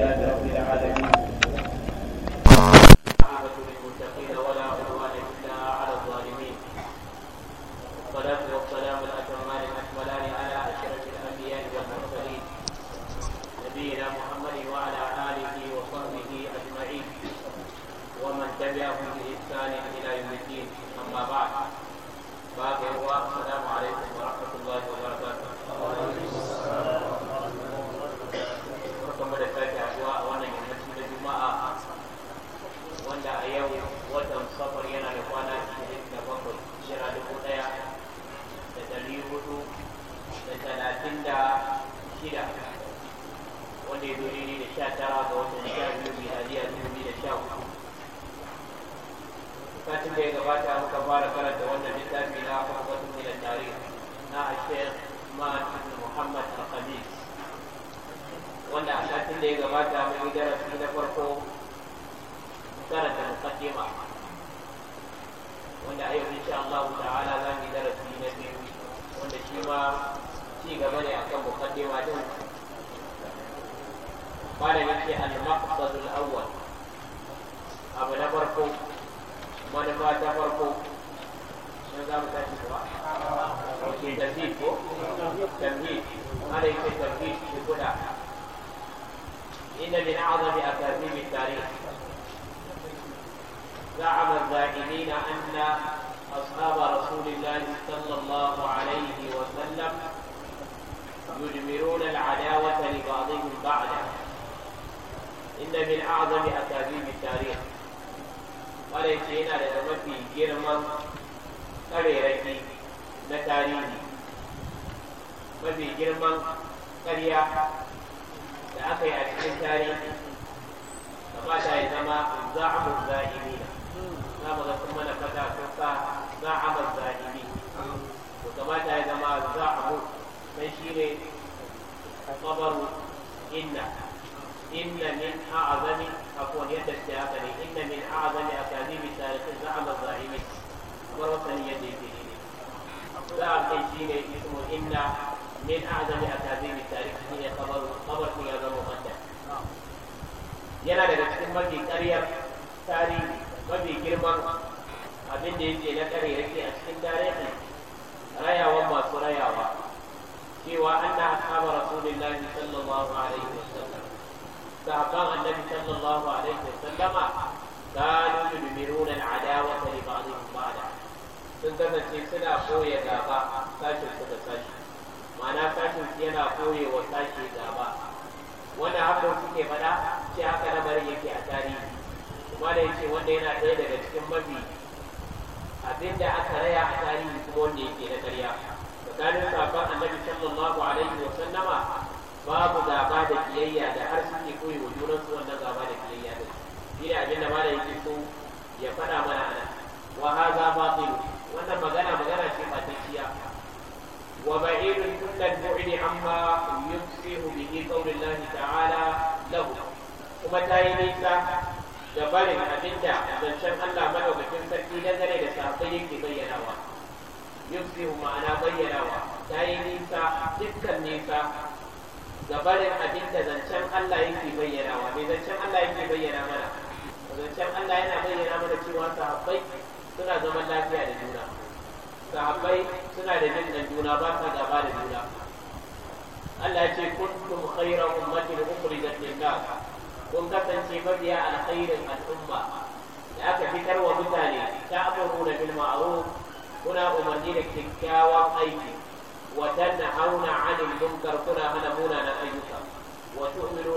Yeah. صلى الله عليه وسلم يجمرون العداوة لبعضهم بعدا إن من أعظم أكاذيب التاريخ وليس هنا لتوفي جرما كبيرتي نتاريني وفي جرما كريا لأخي أكثر فقال إنما زعم الزائمين نعم ثم نفتح كفا زعم الزائمين kamata ya zama za a mu sai shi ne kabaru inna inna min a'azami akwai yadda ta haka ne inna min a'azami a kazibi tarihin za'amar zahimi kamar wasan yadda yake ne za a kai shi ne ismu inna min a'azami a kazibi tarihin shi ne kabaru kabar ya zama wanda yana daga cikin mafi karyar tarihi mafi girman abin da yake na kare yake a cikin tarihi rayawan masu rayawa cewa an da ashabar rasulullahi sallallahu alaihi wasallam sahabban annabi sallallahu alaihi da kanu yudmiruna al'adawa ta ba'dihim ba'da sun kasance suna koya gaba sashin su da sashi ma'ana sashin su yana koye wa sashi gaba wanda haka suke faɗa Shi haka lamarin yake a tarihi kuma da yake wanda yana ɗaya daga cikin mafi abinda aka raya a tarihi kuma wanda ke na ƙarya tsakanin sabon annabi sallallahu alaihi wa sallama babu gaba da kiyayya da har suke koyi wa junansu wannan gaba da kiyayya da shi ne abin da ma da ya faɗa mana ana wa haza batilu wannan magana magana ce a fatacciya wa ba'irun kullal bu'di amma yusfihu bihi ta ta'ala lahu kuma ta yi nisa da barin abinda zancen Allah madaukakin sarki dangane da sahabbai yake bayyanawa yusbihu ma'ana bayyanawa ta yi nisa dukkan nisa gabarin abin da zancen Allah yake bayyanawa mai zancen Allah yake bayyana mana zancen Allah yana bayyana mana cewa sahabbai suna zaman lafiya da juna sahabbai suna da jin juna ba sa gaba da juna Allah ya ce kuntum khayra ummatin ukhrijat lin-nas kun kasance mabiya alkhairin al'umma da aka fitar wa mutane ta amuru da bil ma'ruf kuna umarni da kyakkyawan aiki wa hauna 'anil munkar kuna hana munanan ayyuka wa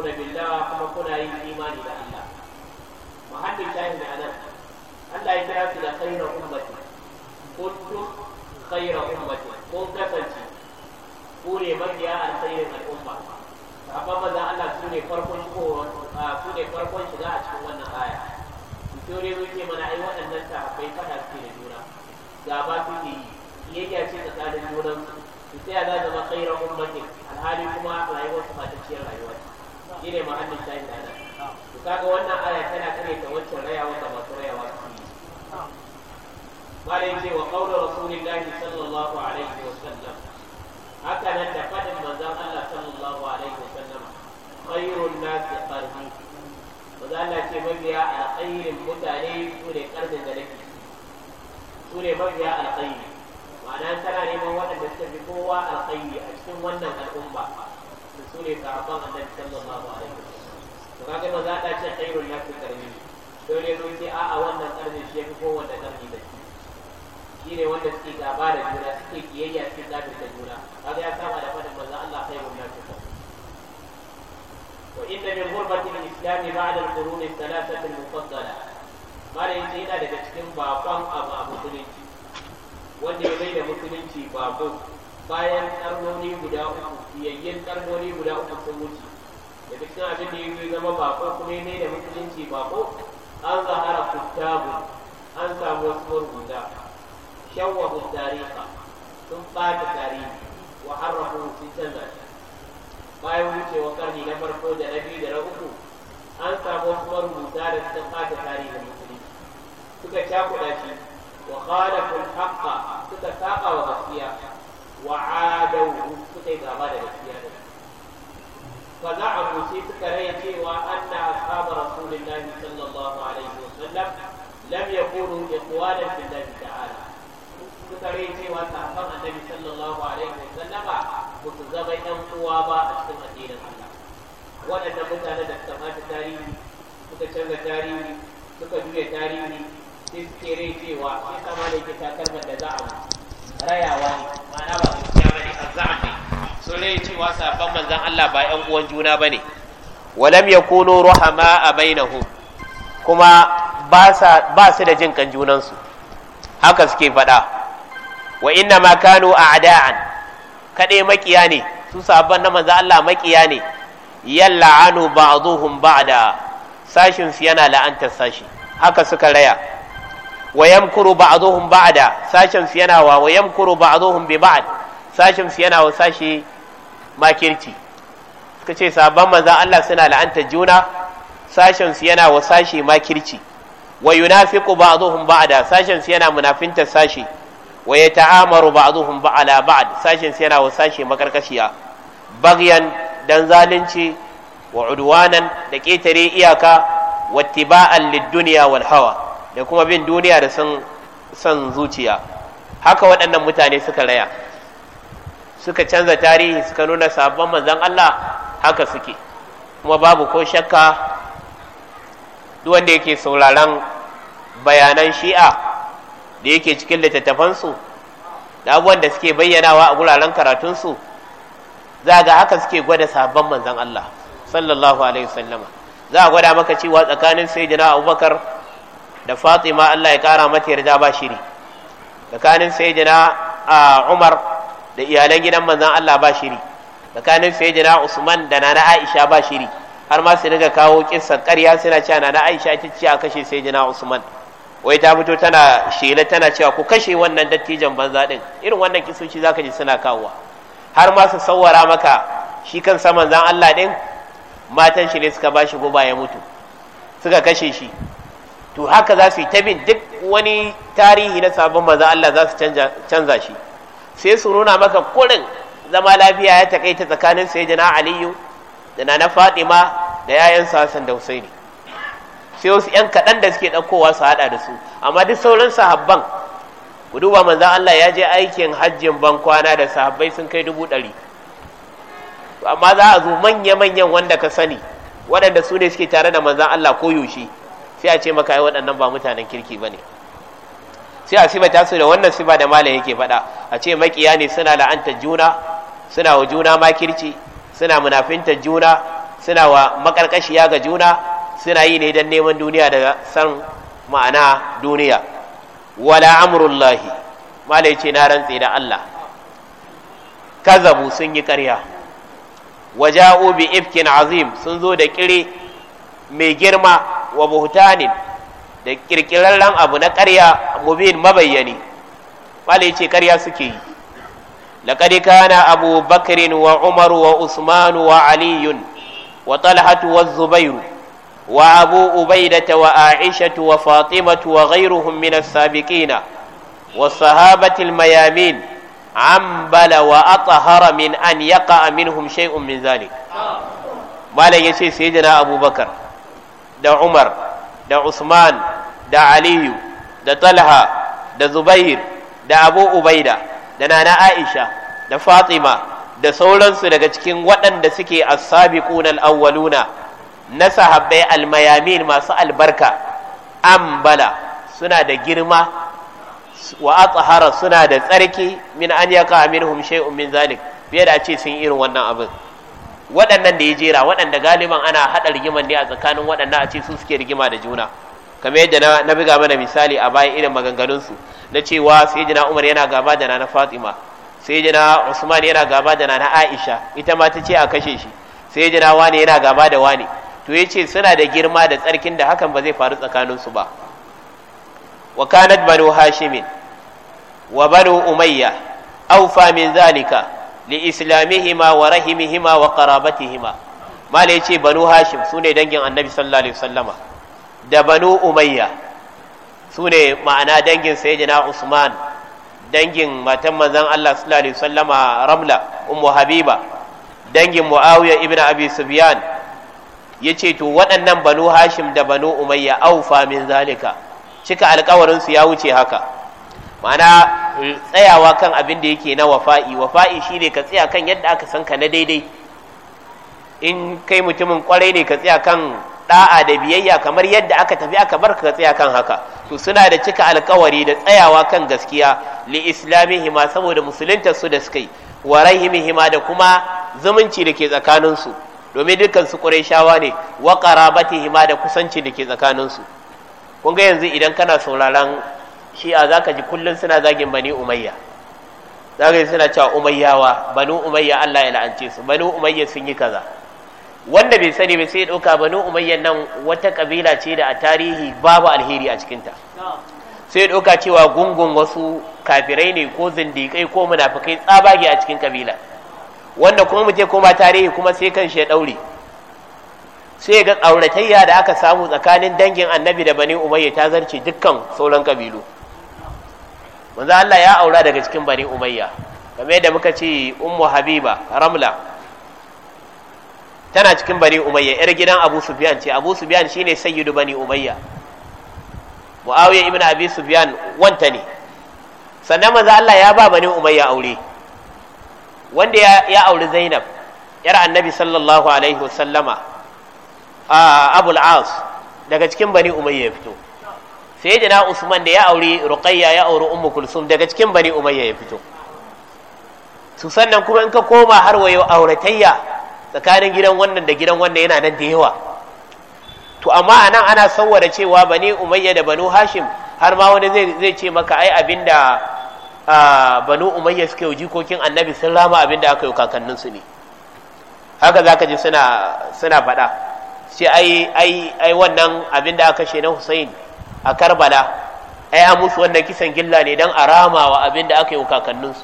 na billah kuma kuna yin imani da Allah muhaddin shahin da anan Allah ya kira su da khairu ummati kuntum khairu ummati ko kasance ku ne mafiya alkhairin al'umma amma maza Allah su ne farkon shiga a cikin wannan aya. Ito ne muke mana ai waɗannan sahabbai kada gaba suke yi ya ce tsakanin junan su sai a za zama khairar ummatin alhali kuma rayuwar su fatacciyar rayuwa ce shine muhammad shahin da nan to kaga wannan aya tana kare ta wancan rayawa da masu rayawa su yi malai ce wa qawlu rasulillahi sallallahu alaihi wa sallam haka nan da fadin manzon Allah sallallahu alaihi wa sallam khairun nas qarni manzon Allah ce mabiya a alkhairin mutane su ne karnin da nake su ne mafiya alƙayyi ma'ana tana neman waɗanda suka fi kowa alƙayyi a cikin wannan al'umma da su ne sahabban annabi sallallahu alaihi wasallam to kaga ba za ta ce khairul lakum karni dole mun ce a a wannan karni shi yafi kowanne karni da shi shi ne wanda suke gaba da juna suke kiyayya cikin zafin da juna kaga ya saba da faɗin manzon Allah khairul lakum وإن من غربة الإسلام بعد القرون الثلاثة المفضلة mara yake yana daga cikin bakon abu a musulunci wanda ya da musulunci bakon bayan karnoni guda uku yayyen karnoni guda uku sun wuce daga cikin abin da ya zama bakon kuma ya da musulunci bako an zahara kuttabu an samu wasu marubuta shawwahu tariha sun bata tarihi wa harrafu sun canza bayan wucewa karni na farko da na biyu da na uku an samu wasu marubuta da suka bata tarihin suka cakuɗa shi wa khalafu al-haqqa suka saba wa gaskiya wa adawu suka yi gaba da gaskiya da fa za'amu sai suka rai cewa anna ashabu rasulillahi sallallahu alaihi wa sallam lam yakunu ikhwanan billahi ta'ala suka rai cewa sahabban annabi sallallahu alaihi wa sallama ba su zama yan uwa ba a cikin addinin Allah waɗannan mutane da suka mata tarihi suka canza tarihi suka juya tarihi Sun tsere cewa ya kama da yake takalmar da za'a rayawa ne, ma'ana ba gaskiya bane azza'a ne sun rai cewa sabon manzan Allah ba ƴan uwan juna bane walam yakunu ruhama a bainahum kuma ba sa ba su da jin kan junansu haka suke faɗa wa inna ma kanu a'da'an kaɗai makiya ne su sabon na manzan Allah makiya ne yalla anu ba'dhum ba'da sashin su yana la'antar sashi haka suka raya wa yamkuru ba'dhum ba'da sashin su yana wa wa yamkuru ba'dhum bi ba'd sashin su yana wa sashe makirci suka ce sabon manzon Allah suna la'anta juna sashin su yana wa sashe makirci wa yunafiqu ba'dhum ba'da sashin su yana munafinta sashi wa ba a ba'ala ba'd sashin su yana wa sashi makarkashiya bagyan dan zalunci wa udwanan da ƙetare iyaka wattiba'an lid-dunya wal hawa da kuma bin duniya da son zuciya haka waɗannan mutane suka raya suka canza tarihi suka nuna sabon manzan Allah haka suke kuma babu ko shakka duk wanda yake sauraron bayanan shi'a da yake cikin littattafansu da abubuwan da suke bayyanawa a guraren karatunsu za ga haka suke gwada sabon manzan Allah sallallahu alaihi wasallama za a gwada maka cewa tsakanin sayyidina abubakar da fatima Allah ya kara mata yarda ba shiri tsakanin sayyidina Umar da iyalan gidan manzon Allah ba shiri tsakanin sayyidina Usman da nana Aisha ba shiri har ma su riga kawo kissan ƙarya suna cewa nana Aisha ta ce a kashe sayyidina Usman wai ta fito tana shela tana cewa ku kashe wannan dattijan banza din irin wannan kisoci zaka ji suna kawowa har ma su sawara maka shi kan saman zan Allah din matan shi ne suka bashi guba ya mutu suka kashe shi to haka za su yi ta bin duk wani tarihi na sabon maza Allah za su canza shi sai su nuna maka kurin zama lafiya ya takaita tsakanin sai jana aliyu da na fadima da yayan sassan da husaini sai wasu yan kaɗan da suke ɗaukowa su haɗa da su amma duk sauran sahabban ku duba manzan Allah ya je aikin hajjin ban kwana da sahabbai sun kai dubu ɗari amma za a zo manya-manyan wanda ka sani waɗanda su ne suke tare da manzan Allah ko yaushe sai a ce maka ai waɗannan ba mutanen kirki bane sai a sifata su da wannan sifa da malam yake faɗa a ce makiya ne suna la'anta juna suna wa juna makirci suna munafinta juna suna wa makarkashiya ga juna suna yi ne don neman duniya daga san ma'ana duniya wala amrullahi malai ce na rantse da Allah kazabu sun yi ƙarya waja'u bi ifkin azim sun zo da kire mai girma wa Buhutanin da kirkirarren abu na ƙarya mubin mabayyani wale ce ƙarya suke yi laqad kana abu bakrin wa umar wa usman wa Aliyun wa talhatu wa Zubairu wa abu ubaidata wa aisha wa fatima wa ghayruhum min as-sabiqina wa sahabatil mayamin ambala wa athhara min an yaqa minhum shay'un min zalik malam yace sayyidina abubakar da Umar da Usman da Aliyu da Talha da Zubair da Abu Ubaida da Nana Aisha da Fatima da sauransu daga cikin waɗanda suke as-sabiquna al-awwaluna na sahabbai al-mayamin masu albarka ambala suna da girma wa Atahara suna da tsarki min an yaka minhum shay'un min zalik fiye da a ce sun irin wannan abin waɗannan da ya jera waɗanda galiban ana haɗa rigiman ne a tsakanin waɗannan a ce su suke rigima da juna kamar yadda na buga mana misali a bayan irin maganganunsu na cewa sai jina umar yana gaba da na fatima sai jina usman yana gaba da na aisha ita ma ta ce a kashe shi sai jina wani yana gaba da wani to ya ce suna da girma da tsarkin da hakan ba zai faru tsakaninsu ba wa kanat banu hashimin wa banu umayya aufa min zalika li islamihima wa rahimihima wa qarabatihima malai yace banu hashim sune dangin annabi sallallahu alaihi wasallama da banu umayya sune ma'ana dangin sayyidina usman dangin matan manzon Allah sallallahu alaihi wasallama ramla ummu habiba dangin muawiya ibn abi sufyan yace to waɗannan banu hashim da banu umayya aufa min zalika cika alƙawarin su ya wuce haka ma'ana eh, tsayawa kan abin da yake na wafa'i wafa'i shine ka tsaya kan yadda aka san ka na daidai in kai mutumin kwarai ne ka tsaya kan da'a da biyayya kamar yadda aka tafi aka bar ka tsaya kan haka to suna da cika alkawari da tsayawa kan gaskiya li ma saboda musuluntar su da suka yi wa ma da kuma zumunci da ke tsakanin su domin dukkan su quraishawa ne wa ma da kusanci da ke tsakanin su kun ga yanzu idan kana sauraron shi'a za ka ji kullum suna zagin bani umayya za suna cewa umayyawa banu umayya allah ya la'ance su banu umayya sun yi kaza wanda bai sani ba sai ɗauka banu umayya nan wata kabila ce da a tarihi babu alheri a cikinta sai ɗauka cewa gungun wasu kafirai ne ko zindikai ko munafukai tsabage a cikin kabila wanda kuma muke koma tarihi kuma sai kan shi ya ɗaure sai ga auratayya da aka samu tsakanin dangin annabi da bani umayya ta zarce dukkan sauran kabilu manzo Allah ya aura daga cikin bani umayya kamar yadda muka ce ummu habiba ramla tana cikin bani umayya yar gidan abu sufyan ce abu sufyan shine sayyidu bani umayya muawiya ibn abi sufyan wanta ne sannan manzo Allah ya ba bani umayya aure wanda ya, ya auri zainab yar annabi sallallahu alaihi wasallama a ah, abul as daga cikin bani umayya ya fito sayyidina usman da ya auri ruqayya ya auri ummu kulsum daga cikin bani umayya ya fito su sannan kuma in ka koma har wayo auratayya tsakanin gidan wannan da gidan wannan yana nan da yawa to amma anan ana sawwara cewa bani umayya da banu hashim har ma wani zai zai ce maka ai abinda banu umayya suka yi jikokin annabi sun rama abinda aka yi kakanninsu ne haka zaka ji suna suna faɗa sai ai ai ai wannan abinda aka she na Hussein a karbala ai an musu wannan kisan gilla ne don a wa abin da aka yi wa kakanninsu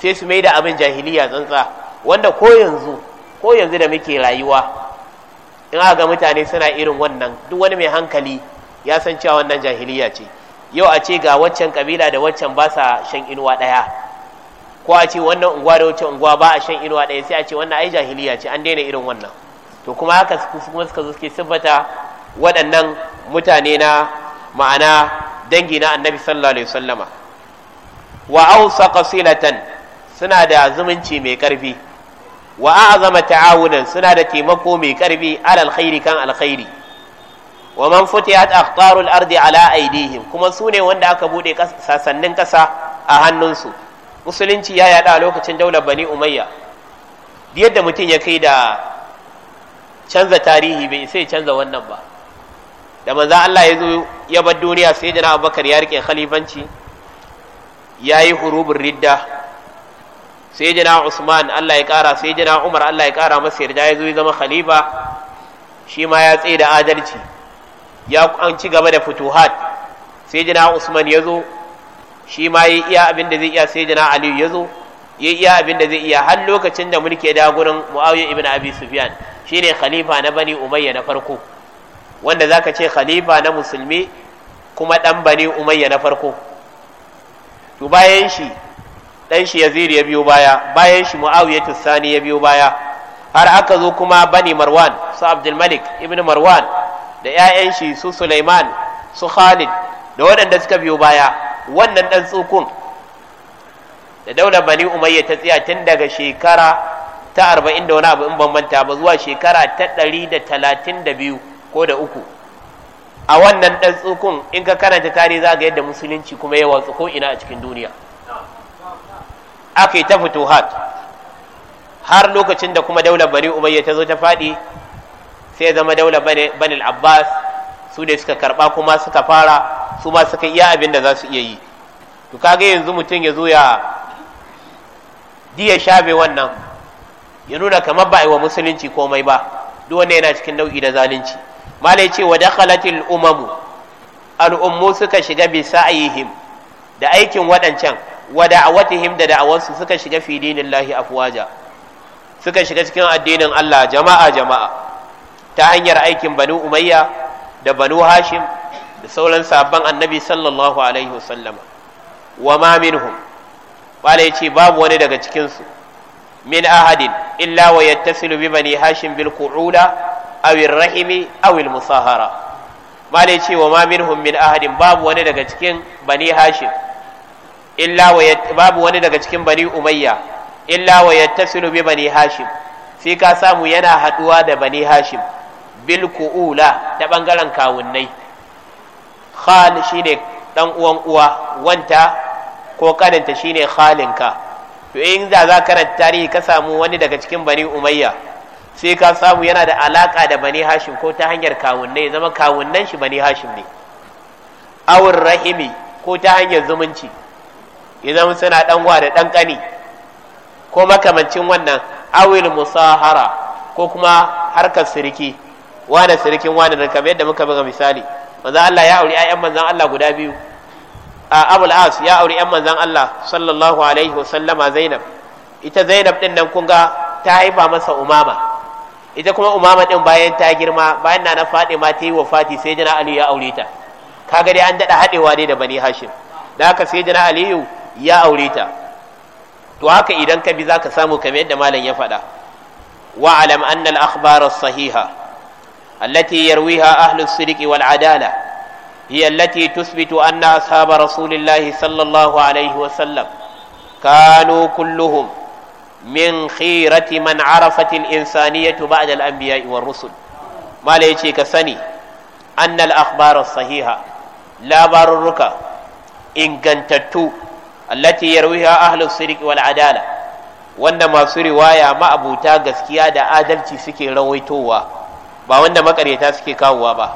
sai su mai da abin jahiliya tsantsa wanda ko yanzu ko yanzu da muke rayuwa in aka ga mutane suna irin wannan duk wani mai hankali ya san cewa wannan jahiliya ce yau a ce ga waccan kabila da waccan ba sa shan inuwa ɗaya ko a ce wannan unguwa da waccan unguwa ba a shan inuwa ɗaya sai a ce wannan ai jahiliya ce an daina irin wannan to kuma haka kuma suka zo suke sabbata waɗannan mutane na ma'ana dangi na annabi sallallahu alaihi wasallama wa ausa qasilatan suna da zumunci mai karfi wa a'zama ta'awunan suna da taimako mai karfi alal khairi kan alkhairi wa man futihat aqtarul ardi ala aidihim kuma su ne wanda aka bude sasannin kasa a hannunsu musulunci ya yada a lokacin daular bani umayya yadda mutum ya kai da canza tarihi bai sai canza wannan ba da manzo Allah ya zo ya bar duniya sai jana abubakar ya rike khalifanci ya yi hurubin ridda sai jana usman Allah ya kara sai jana umar Allah ya kara masa yarda ya zo ya zama khalifa shi ma ya tsaye da adalci ya an ci gaba da futuhat sai jana usman ya zo shi ma ya iya abin da zai iya sai jana aliyu ya zo ya iya abin da zai iya har lokacin da mulki da gurin muawiya ibn abi sufyan shine khalifa na bani umayya na farko wanda za ka ce khalifa na musulmi kuma ɗan bani umayya na farko to bayan shi dan shi yazid ya biyo baya bayan shi muawiya sani ya biyo baya har aka zo kuma bani marwan su abdul malik ibn marwan da 'ya'yan shi su sulaiman su khalid da waɗanda suka biyo baya wannan ɗan tsukun da daular bani umayya ta tsaya tun daga shekara ta arba'in da wani abu in bambanta ba zuwa shekara ta ɗari da talatin da biyu ko da uku a wannan ɗan tsukun in ka karanta tarihi za ga yadda musulunci kuma ya watsu ko ina a cikin duniya aka yi ta hat har lokacin da kuma daular bari umayya ta zo ta faɗi sai zama daular banil abbas su da suka karɓa kuma suka fara su ma suka iya abin da za su iya yi to kaga yanzu mutum ya zo ya diya shafe wannan ya nuna kamar ba a yi wa musulunci komai ba duk wanda yana cikin nau'i da zalunci malai ce wa dakhalatil umamu al'ummu suka shiga bi sa'ihim da aikin waɗancan wa da'awatihim da da'awansu suka shiga fi dinillahi afwaja suka shiga cikin addinin Allah jama'a jama'a ta hanyar aikin banu umayya da banu hashim da sauran sabon annabi sallallahu alaihi wasallama wa ma minhum malai ce babu wani daga cikinsu min ahadin illa wa yattasilu bi bani hashim bil qu'uda awil rahimi awil musahara malai ce wa ma minhum min ahadin babu wani daga cikin bani hashim illa wa babu wani daga cikin bani umayya illa wa yattasilu bi bani hashim sai ka samu yana haduwa da bani hashim bil ku'ula ta bangaren kawunnai khal shine dan uwan uwa wanta ko kaninta shine khalinka to in za karanta tarihi ka samu wani daga cikin bani umayya sai ka samu yana da alaka da bani hashim ko ta hanyar kawunnai zama kawunnan shi bani hashim ne awur rahimi ko ta hanyar zumunci ya zama suna ɗanwa da ɗan ƙani ko makamancin wannan awil musahara ko kuma harkar sirki wane sirkin wane da kamar yadda muka buga misali manzan Allah ya auri ayyan manzan Allah guda biyu a abul as ya auri yan manzan Allah sallallahu alaihi wasallama zainab ita zainab din nan kun ga ta haifa masa umama ita kuma umama din bayan ta girma bayan na na faɗi ta yi wafati sai jana aliyu ya aure ta kaga dai an daɗa haɗewa ne da bani hashim da haka sai jana aliyu ya aure ta to haka idan ka bi za ka samu kamar yadda malam ya faɗa wa alam anna al akhbar sahiha allati yarwiha ahlu as wal adala hiya allati anna ashab rasulillahi sallallahu alaihi wa sallam kanu min khirati man arafatil insaniyatu ba'da al-anbiya'i war rusul mala yace ka sani annal akhbar sahiha labarurruka ingantattu allati yarwiha ahlus sirq wal adala wanda masu riwaya ma'abuta gaskiya da adalci suke rawaitowa ba wanda makareta suke kawowa ba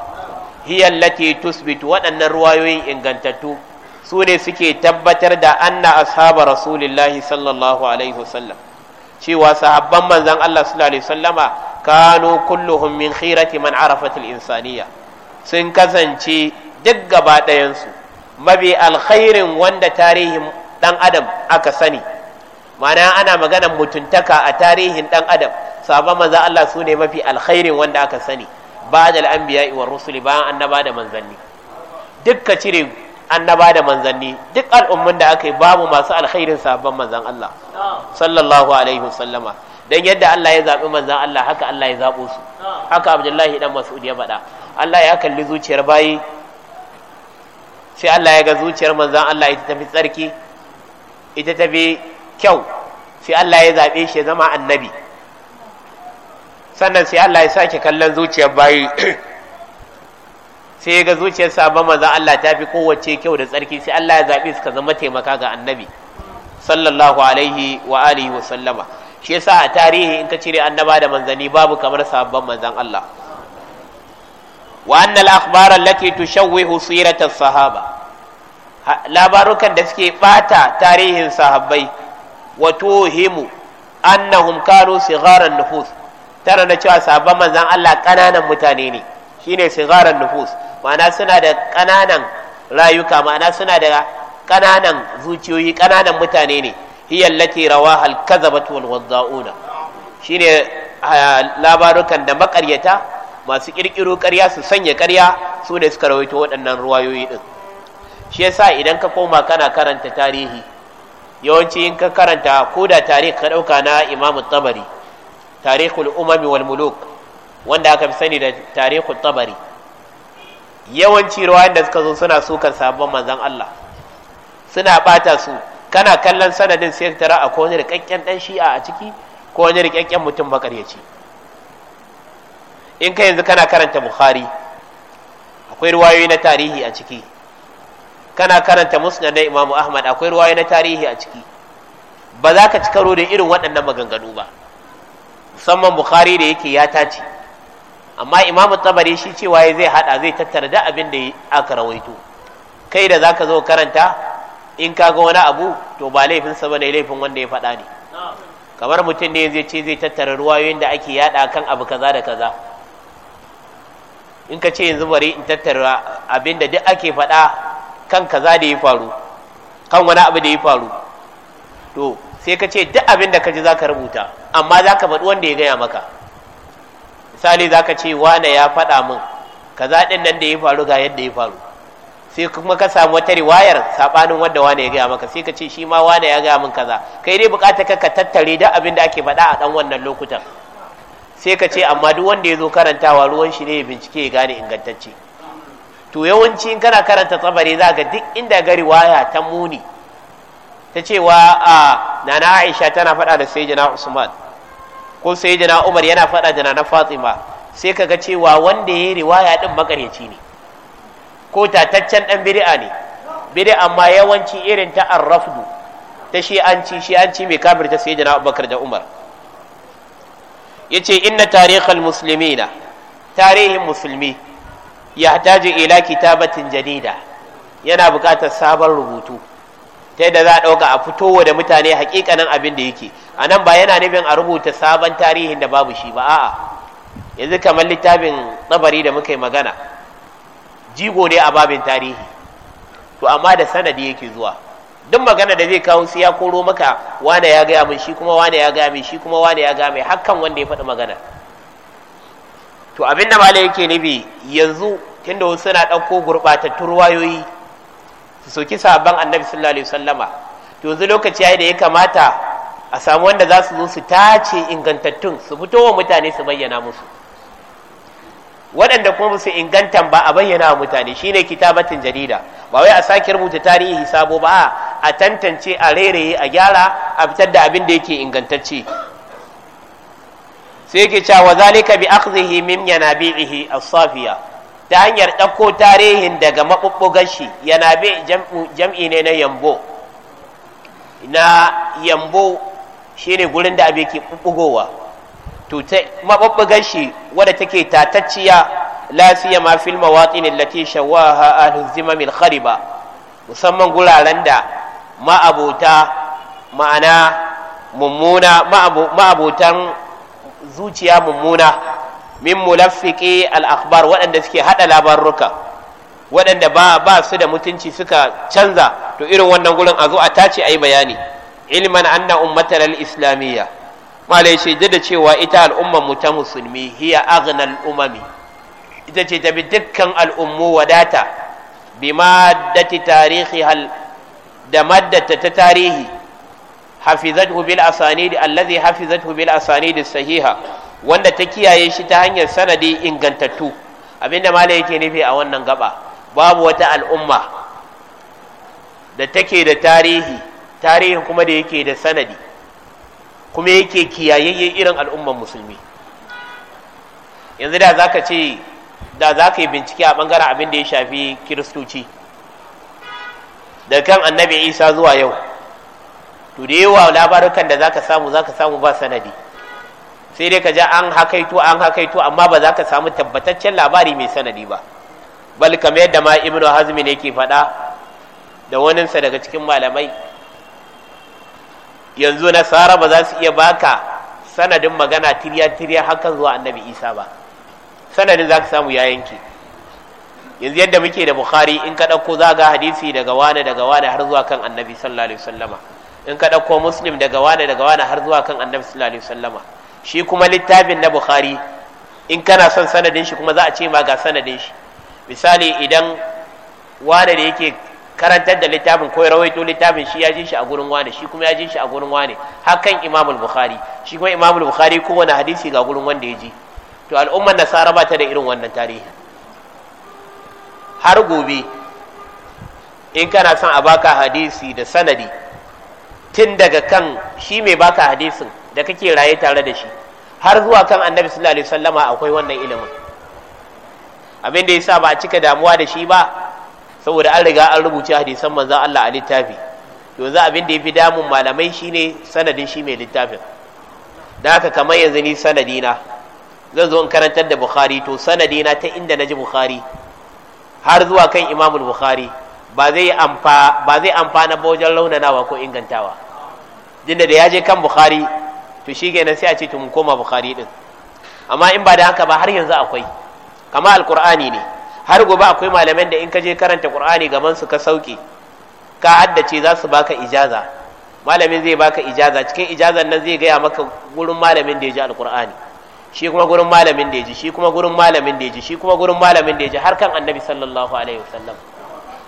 hiya allati tusbitu waɗannan ruwayoyin ingantattu su ne suke tabbatar da anna ashabar rasulillahi sallallahu alaihi wasallam cewa sahabban manzan Allah sallallahu alaihi wasallama kanu kulluhum min khirati man arafatil insaniya sun kasance duk gaba ɗayansu mabi alkhairin wanda tarihin ɗan adam aka sani ma'ana ana maganar mutuntaka a tarihin ɗan adam sahabban manzan Allah su ne mafi alkhairin wanda aka sani ba da al'anbiya wa rusuli bayan annaba da manzanni dukka cire annaba da manzanni duk al'ummin da aka yi babu masu alkhairin sabon manzan Allah sallallahu alaihi wasallama dan yadda Allah ya zaɓi manzan Allah haka Allah ya zaɓo su haka Abdullahi dan Mas'ud ya bada Allah ya kalli zuciyar bayi sai Allah ya ga zuciyar manzan Allah ita tafi tsarki ita tafi kyau sai Allah ya zaɓe shi zama annabi sannan sai Allah ya sake kallon zuciyar bayi sai ya ga zuciyar sabon manzon Allah ta fi kowace kyau da tsarki sai Allah ya zaɓe suka zama taimaka ga annabi sallallahu alaihi wa alihi wa sallama shi yasa a tarihi in ka cire annaba da manzani babu kamar sabon manzon Allah wa annal akhbar allati tushawwihu sirat sahaba labarukan da suke bata tarihin sahabbai wa tuhimu annahum kanu sigharan nufus tare da cewa sabon manzon Allah kananan mutane ne shine sigaran nufus ma'ana suna da ƙananan rayuka ma'ana suna da ƙananan zuciyoyi ƙananan mutane ne hiya allati rawaha al-kazabatu wal wadda'una shine labarukan da makaryata masu kirkiro ƙarya su sanya ƙarya su ne suka rawaito waɗannan ruwayoyi din shi yasa idan ka koma kana karanta tarihi yawanci in ka karanta ko da tarihi ka ɗauka na imamu tabari tarihul umami wal muluk wanda aka fi sani da tarihu tabari yawanci ruwayan da suka zo suna sukan sabon manzan Allah suna bata su kana kallon sanadin sai tara a ko rikakken dan shi'a a ciki ko wani rikakken mutum makaryaci in ka yanzu kana karanta bukhari akwai ruwayoyi na tarihi a ciki kana karanta musnad na imamu ahmad akwai ruwayoyi na tarihi a ciki ba za ka ci karo da irin waɗannan maganganu ba musamman bukhari da yake ya tace amma imamu tabari shi cewa zai hada zai tattara da abin da aka rawaito kai da zaka zo karanta in ka ga wani abu to ba laifin sa bane laifin wanda ya faɗa ne kamar mutum ne zai ce zai tattara ruwayoyin da ake yada kan abu kaza da kaza in ka ce yanzu bari in tattara abin da duk ake faɗa kan kaza da ya faru kan wani abu da ya faru to sai ka ce duk abin da ka ji za ka rubuta amma za ka faɗi wanda ya gaya maka misali ka ce wane ya faɗa min kaza ɗin nan da ya faru ga yadda ya faru sai kuma ka samu wata riwayar saɓanin wanda wane ya gaya maka sai ka ce shi ma wane ya gaya min kaza kai dai bukatar ka ka tattare da abin da ake faɗa a ɗan wannan lokutan sai ka ce amma duk wanda ya zo karantawa ruwan shi ne ya bincike ya gane ingantacce to yawanci kana karanta tsabari za ga duk inda ga riwaya ta muni ta cewa a ah, nana aisha tana faɗa da sai usman ko sai jana umar yana faɗa jana na fatima sai kaga cewa wanda ya yi riwaya ɗin makaryaci ne ko tataccen ɗan biri'a ne bid'a ma yawanci irin ta arrafdu ta shi'anci ci mai kafirta sai jana abubakar da umar yace inna tarihal muslimina tarihin musulmi ya hataji ila kitabatin jadida yana buƙatar sabon rubutu ta yadda za a ɗauka a fitowa da mutane hakikanin abin da yake a nan ba yana nufin a rubuta sabon tarihin da babu shi ba a'a yanzu kamar littafin tsabari da muka yi magana jigo ne a babin tarihi to amma da sanadi yake zuwa duk magana da zai kawo su ya koro maka wane ya gaya min shi kuma wane ya gaya min shi kuma wane ya gaya min hakan wanda ya faɗi magana to abin da malai yake nufi yanzu tunda wasu suna ɗauko gurɓatattun ruwayoyi su soki sahabban annabi sallallahu alaihi wasallama to yanzu lokaci yayi da ya kamata a samu wanda za su zo su tace ingantattun su fito wa mutane su bayyana musu waɗanda kuma su ingantan ba a bayyana wa mutane shine kitabatin jarida ba wai a sake rubuta tarihi sabo ba a tantance a rairaye a gyara a fitar da abin da yake ingantacce sai yake cewa zalika bi akhdhihi min yanabihi as-safiya ta hanyar ɗauko tarihin daga maɓuɓɓugar shi yana bi jam'i ne na yambo na yambo shi ne gurin da abin ke ɓuɓɓugowa to ta maɓuɓɓugar shi wadda take tatacciya lafiya ma fil lati allati shawaha ahlu zimamil khariba musamman guraren da ma'abota ma'ana mummuna ma'abotan zuciya mummuna min mulaffiki al-akhbar waɗanda suke haɗa labaruka waɗanda ba ba su da mutunci suka canza to irin wannan gurin a zo a tace a yi bayani ilman anna ummatar al-islamiyya malai da cewa ita al'ummar mu ta musulmi hiya aghnal umami ita ce ta bi dukkan al'ummu wadata bi maddati tarihi hal da maddata ta tarihi hafizathu bil asanid allazi hafizathu bil asanid sahiha wanda ta kiyaye shi ta hanyar sanadi ingantattu abinda malam yake nufi a wannan gaba babu wata al'umma da take da tarihi tarihin kuma da yake da sanadi kuma yake kiyayayye irin al'umman musulmi yanzu da za ka ce da za ka yi bincike a bangaren abin da ya shafi kiristoci da kan annabi isa zuwa yau to da yawa labarukan da za ka samu za ka samu ba sanadi sai dai ka ja an hakaito an hakaito amma ba za ka samu tabbataccen labari mai sanadi ba bal kamar yadda ma ibnu hazmi ne ke faɗa da waninsa daga cikin malamai yanzu nasara ba za su iya baka sanadin magana tirya tirya haka zuwa annabi isa ba sanadin za ka samu ya yanke yanzu yadda muke da bukhari in ka ɗauko za ga hadisi daga wane daga wane har zuwa kan annabi sallallahu alaihi wasallama in ka ɗauko muslim daga wane daga wane har zuwa kan annabi sallallahu alaihi wasallama shi kuma littafin na bukhari in kana son sanadin shi kuma za a ce ma ga sanadin shi misali idan wane da yake karantar da littafin ko rawaito littafin shi ya ji shi a gurin wane shi kuma ya ji shi a gurin wane hakan imamul bukhari shi kuma imamul bukhari kowane hadisi ga gurin wanda ya ji to al'ummar nasara ba ta da irin wannan tarihi har gobe in kana son a baka hadisi da sanadi tun daga kan shi mai baka hadisin da kake raye tare da shi har zuwa kan annabi sallallahu alaihi wasallama akwai wannan ilimin abin da yasa ba a cika damuwa da shi ba saboda an riga an rubuce hadisan manzon Allah a littafi yanzu abin da yafi damun malamai shine sanadin shi mai littafin da haka kamar yanzu ni sanadina zan zo in karantar da bukhari to sanadina ta inda naji bukhari har zuwa kan imamul bukhari ba zai amfa ba zai amfana ba wajen raunanawa ko ingantawa jinda da ya je kan bukhari to shi kenan sai a ce to mu koma bukhari din amma in ba da haka ba har yanzu akwai kama alkur'ani ne har gobe akwai malaman da in ka je karanta qur'ani gaban su ka sauke ka addace za su baka ijaza malamin zai baka ijaza cikin ijazan nan zai gaya maka gurin malamin da ya ji alkur'ani shi kuma gurin malamin da ya ji shi kuma gurin malamin da ya ji shi kuma gurin malamin da ya ji har kan annabi sallallahu alaihi wasallam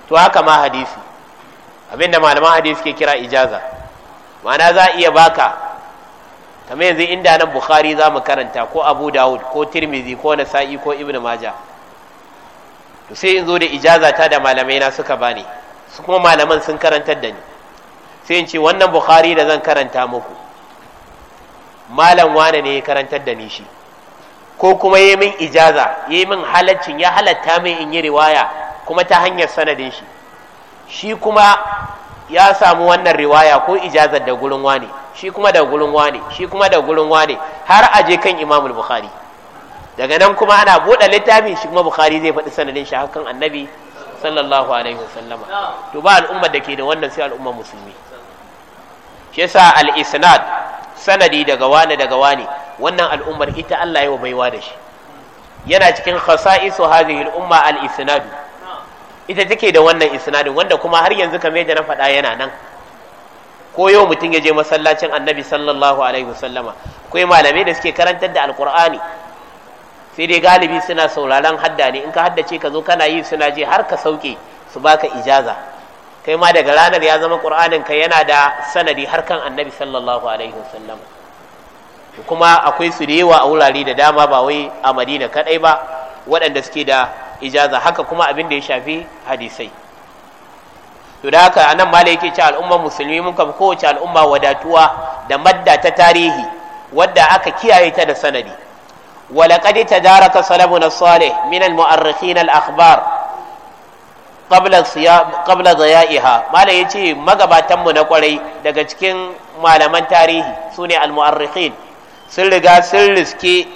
to haka ma hadisi abinda malaman hadisi ke kira ijaza ma'ana za a iya baka kamar yanzu inda nan bukhari za mu karanta ko abu dawud ko tirmizi ko nasa'i ko ibn maja to sai in zo da ijaza ta da malamai na suka bani su kuma malaman sun karantar da ni sai in ce wannan bukhari da zan karanta muku malam wane ne ya karantar da ni shi ko kuma yi min ijaza yi min halaccin ya halatta min in yi riwaya kuma ta hanyar sanadin shi shi kuma ya samu wannan riwaya ko ijazar da gurin wane shi kuma da gurin wane shi kuma da gurin wane har a je kan imamul bukhari daga nan kuma ana buɗe littafin shi kuma bukhari zai faɗi sanadin shi hakan annabi sallallahu alaihi wasallama to ba al'ummar da ke da wannan sai al'ummar musulmi shi yasa al-isnad sanadi daga wane daga wane wannan al'ummar ita Allah ya wa baiwa da shi yana cikin khasa'isu hadhihi al-umma al-isnad ita take da wannan isnadin wanda kuma har yanzu kamar yadda na faɗa yana nan ko yau mutum ya je masallacin annabi sallallahu alaihi wasallama akwai malamai da suke karantar da alkur'ani sai dai galibi suna sauraron hadda ne in ka haddace ka zo kana yi suna je har ka sauke su baka ijaza kai ma daga ranar ya zama qur'anin ka yana da sanadi har kan annabi sallallahu alaihi wasallama kuma akwai su da yawa a wurare da dama ba wai a madina kadai ba waɗanda suke da ijaza haka kuma abin da ya shafi hadisai to da haka anan malai yake ce al'ummar musulmi mun kafa kowace al'umma wadatuwa da madda ta tarihi wadda aka kiyaye ta da sanadi ولقد تدارك سلفنا الصالح من المؤرخين الأخبار قبل قبل ضيائها ما لا يجي magabatan mu na kwarai daga cikin malaman tarihi sune al-mu'arrikhin sun riga sun riske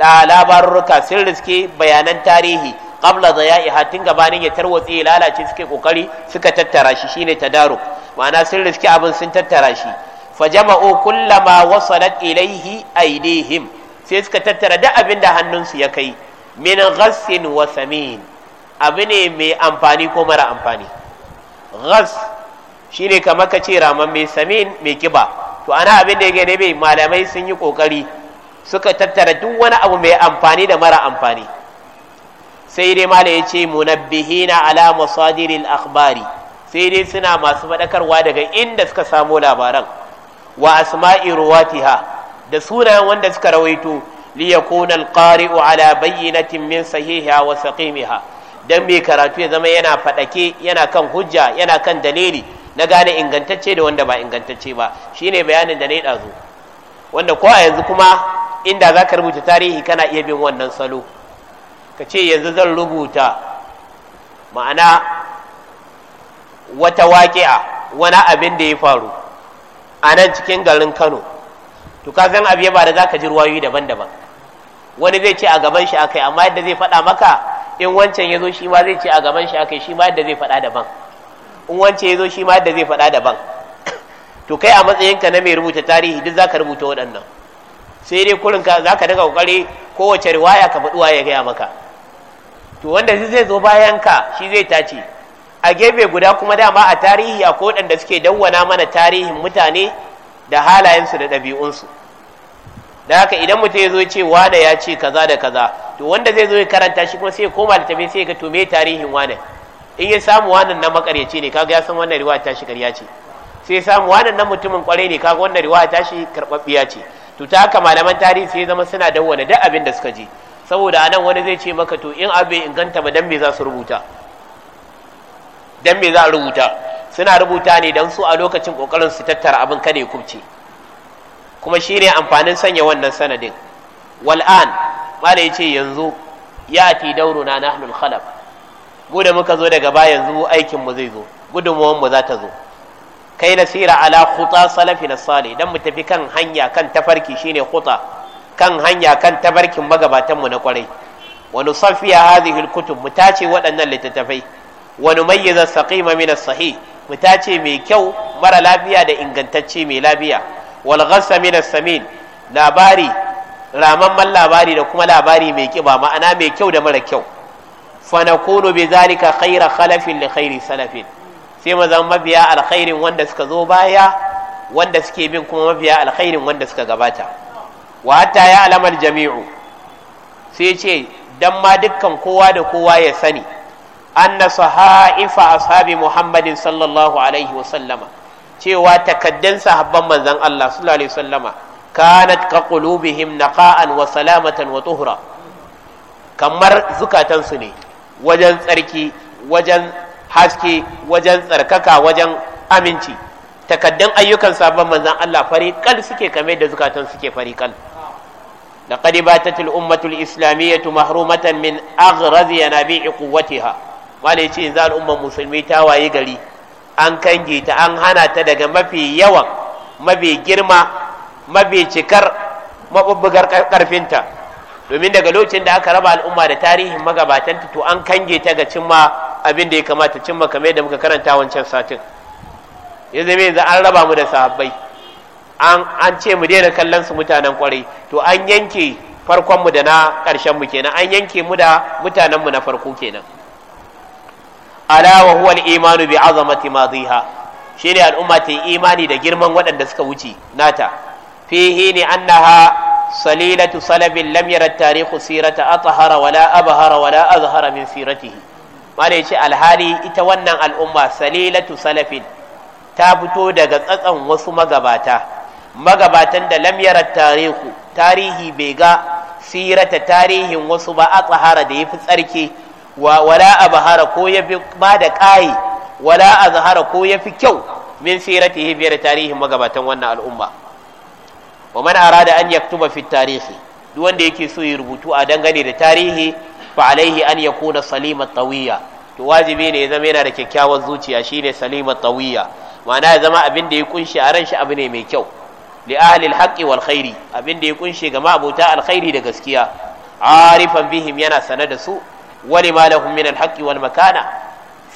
labarurruka sun riske bayanan tarihi qabla dhaya'iha tun gabanin ya tarwatse ya lalace suke kokari suka tattara shi shine tadaruk ma'ana sun riski abin sun tattara shi fajama'u kullama wasalat ilaihi aydihim sai suka tattara duk abin da hannunsu ya kai min ghassin wa samin abu ne mai amfani ko mara amfani ghas shine kamar ka ce raman mai samin mai kiba to ana abin da ya gane malamai sun yi kokari suka tattara duk wani abu mai amfani da mara amfani sai dai mala ya ce munabbihina ala masadiril akhbari sai dai suna masu faɗakarwa daga inda suka samo labaran wa asma'i ruwatiha da sunayen wanda suka rawaito li yakuna alqari'u ala bayyinatin min sahihiha wa saqimiha dan mai karatu ya zama yana faɗake yana kan hujja yana kan dalili na gane ingantacce da wanda ba ingantacce ba shine bayanin da na yi ɗazu wanda ko a yanzu kuma inda za ka rubuta tarihi kana iya bin wannan salo ka ce yanzu zan rubuta ma'ana wata waƙi'a wani abin da ya faru a nan cikin garin kano to ka san abu ba da za ka ji ruwayoyi daban-daban wani zai ce a gaban shi akai amma yadda zai faɗa maka in wancan ya zo shi ma zai ce a gaban shi akai shi ma yadda zai faɗa daban in wancan ya zo shi ma yadda zai faɗa daban to kai a matsayinka na mai rubuta tarihi duk za ka rubuta waɗannan sai dai kurin za ka daga kokari kowace riwaya ka faɗuwa ya gaya maka to wanda zai zo bayan ka shi zai tace a gefe guda kuma dama a tarihi a waɗanda suke dawwana mana tarihin mutane da halayensu da ɗabi'unsu da haka idan mutum ya zo ce wane ya ce kaza da kaza to wanda zai zo ya karanta shi kuma sai ya koma littafi sai ya ga to me tarihin wane in ya samu wannan na makaryaci ne kaga ya san wannan riwaya ta shi ƙarya ce sai ya samu wannan na mutumin kwarai ne kaga wannan riwaya ta shi karɓaɓɓiya ce to ta haka malaman tarihi sai ya zama suna dawwana duk abin da suka ji saboda anan wani zai ce maka to in abin inganta ba dan me za su rubuta dan me za a rubuta suna rubuta ne dan su a lokacin kokarin su tattara abin kada ya kubce kuma shine amfanin sanya wannan sanadin wal'an ya yace yanzu yati dauruna nahnul khalaf mu da muka zo daga baya yanzu aikin mu zai zo gudunmuwan mu za ta zo kai nasira ala khuta salafina salih dan mu tafi kan hanya kan tafarki shine khuta kan hanya kan tabarkin magabatanmu na kwarai wani safiya hadhihi alkutub mu tace waɗannan littattafai wani mayyiza saqima min Sahi mu tace mai kyau mara lafiya da ingantacce mai lafiya wal ghassa min samin labari ramamman labari da kuma labari mai kiba ma'ana mai kyau da mara kyau fa nakunu bi zalika khayra khalafin li khayri salafin sai mu zama mabiya alkhairin wanda suka zo baya wanda suke bin kuma mabiya alkhairin wanda suka gabata wa hatta ya alamar jami'u sai ce dan ma dukkan kowa da kowa ya sani an anna sahaifa ashabi muhammadin sallallahu alaihi wasallama cewa takaddun sahabban manzan Allah sallallahu alaihi wasallama kanat ka qulubihim naqa'an wa salamatan wa tuhra kamar zukatansu ne wajen tsarki wajen haske wajen tsarkaka wajen aminci takaddun ayyukan sabon manzan Allah fariƙal suke kame da zukatan suke kal. لقد باتت الأمة الإسلامية min من أغرز ينابيع قوتها wanda ya ce za al'ummar musulmi ta wayi gari an kange ta an hana ta daga mafi yawan mafi girma mafi cikar mabubbugar karfinta domin daga lokacin da aka raba al'umma da tarihin magabatanta to an kange ta ga cimma abin da ya kamata cimma kamar yadda muka karanta wancan satin ya zama yanzu an raba mu da sahabbai an ce mu daina kallon su mutanen kwarai to an yanke farkon mu da na ƙarshen mu kenan an yanke mu da mutanen mu na farko kenan ala wa huwa imanu bi azamati madiha shine al'umma ta imani da girman waɗanda suka wuce nata fihi ne annaha salilatu salabin lam yara tarihu sirata atahara wala abahara wala azhara min siratihi mala yace alhali ita wannan al'umma salilatu salafin ta fito daga tsatsan wasu magabata magabatan da lam yara tarihu tarihi bai ga sirata tarihin wasu ba a tsahara da ya fi tsarki wala a bahara ko ya fi ba da ƙayi wala a zahara ko ya fi kyau min sirata ya biyar tarihin magabatan wannan al'umma wa man arada an yaktuba fi tarihi duk wanda yake so ya rubutu a dangane da tarihi fa alaihi an yakuna salima tawiya to wajibi ne ya zama yana da kyakkyawar zuciya shine salima tawiya ma'ana ya zama abin da ya kunshi a ran shi abu ne mai kyau li ahli alhaqqi wal khairi abinda ya kunshe ga ma'abuta alkhairi da gaskiya arifan bihim yana sanar da su wali ma lahum min alhaqqi wal makana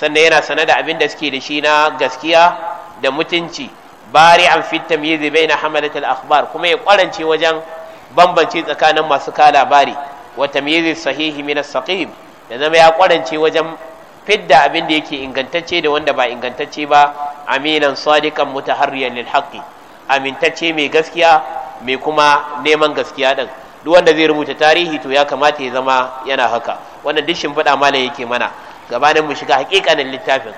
sannan yana sanar da abinda suke da shi na gaskiya da mutunci bari'an fit tamyiz baina hamalat al akhbar kuma ya kwarance wajen bambance tsakanin masu ka labari wa tamyiz sahihi min as saqim ya zama ya kwarance wajen fidda abin da yake ingantacce da wanda ba ingantacce ba aminan sadiqan mutaharriyan lil haqqi amintacce mai gaskiya mai kuma neman gaskiya ɗin. duk wanda zai rubuta tarihi to ya kamata ya zama yana haka wannan duk faɗa malam yake mana gabanin mu shiga hakikanin littafin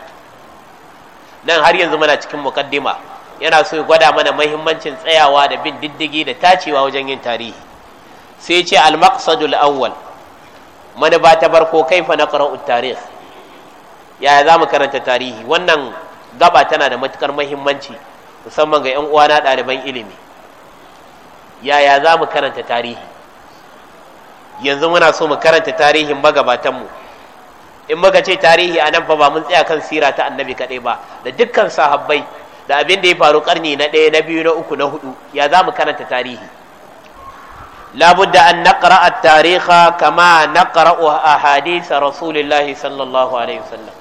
nan har yanzu muna cikin mukaddima yana so ya gwada mana muhimmancin tsayawa da bin diddigi da tacewa wajen yin tarihi sai ce al-maqsadul awwal manufa ta barko kaifa na qara'u tarihi. yaya zamu karanta tarihi wannan gaba tana da matukar muhimmanci. musamman ga 'yan uwana ɗaliban ilimi yaya za mu karanta tarihi yanzu muna so mu karanta tarihin magabatanmu in muka ce tarihi a nan fa ba mun tsaya kan sira ta annabi kaɗai ba da dukkan sahabbai da abin da ya faru karni na ɗaya na biyu na uku na hudu ya za mu karanta tarihi labudda an naqra at-tariha kama naqra ahadith rasulillahi sallallahu alaihi wasallam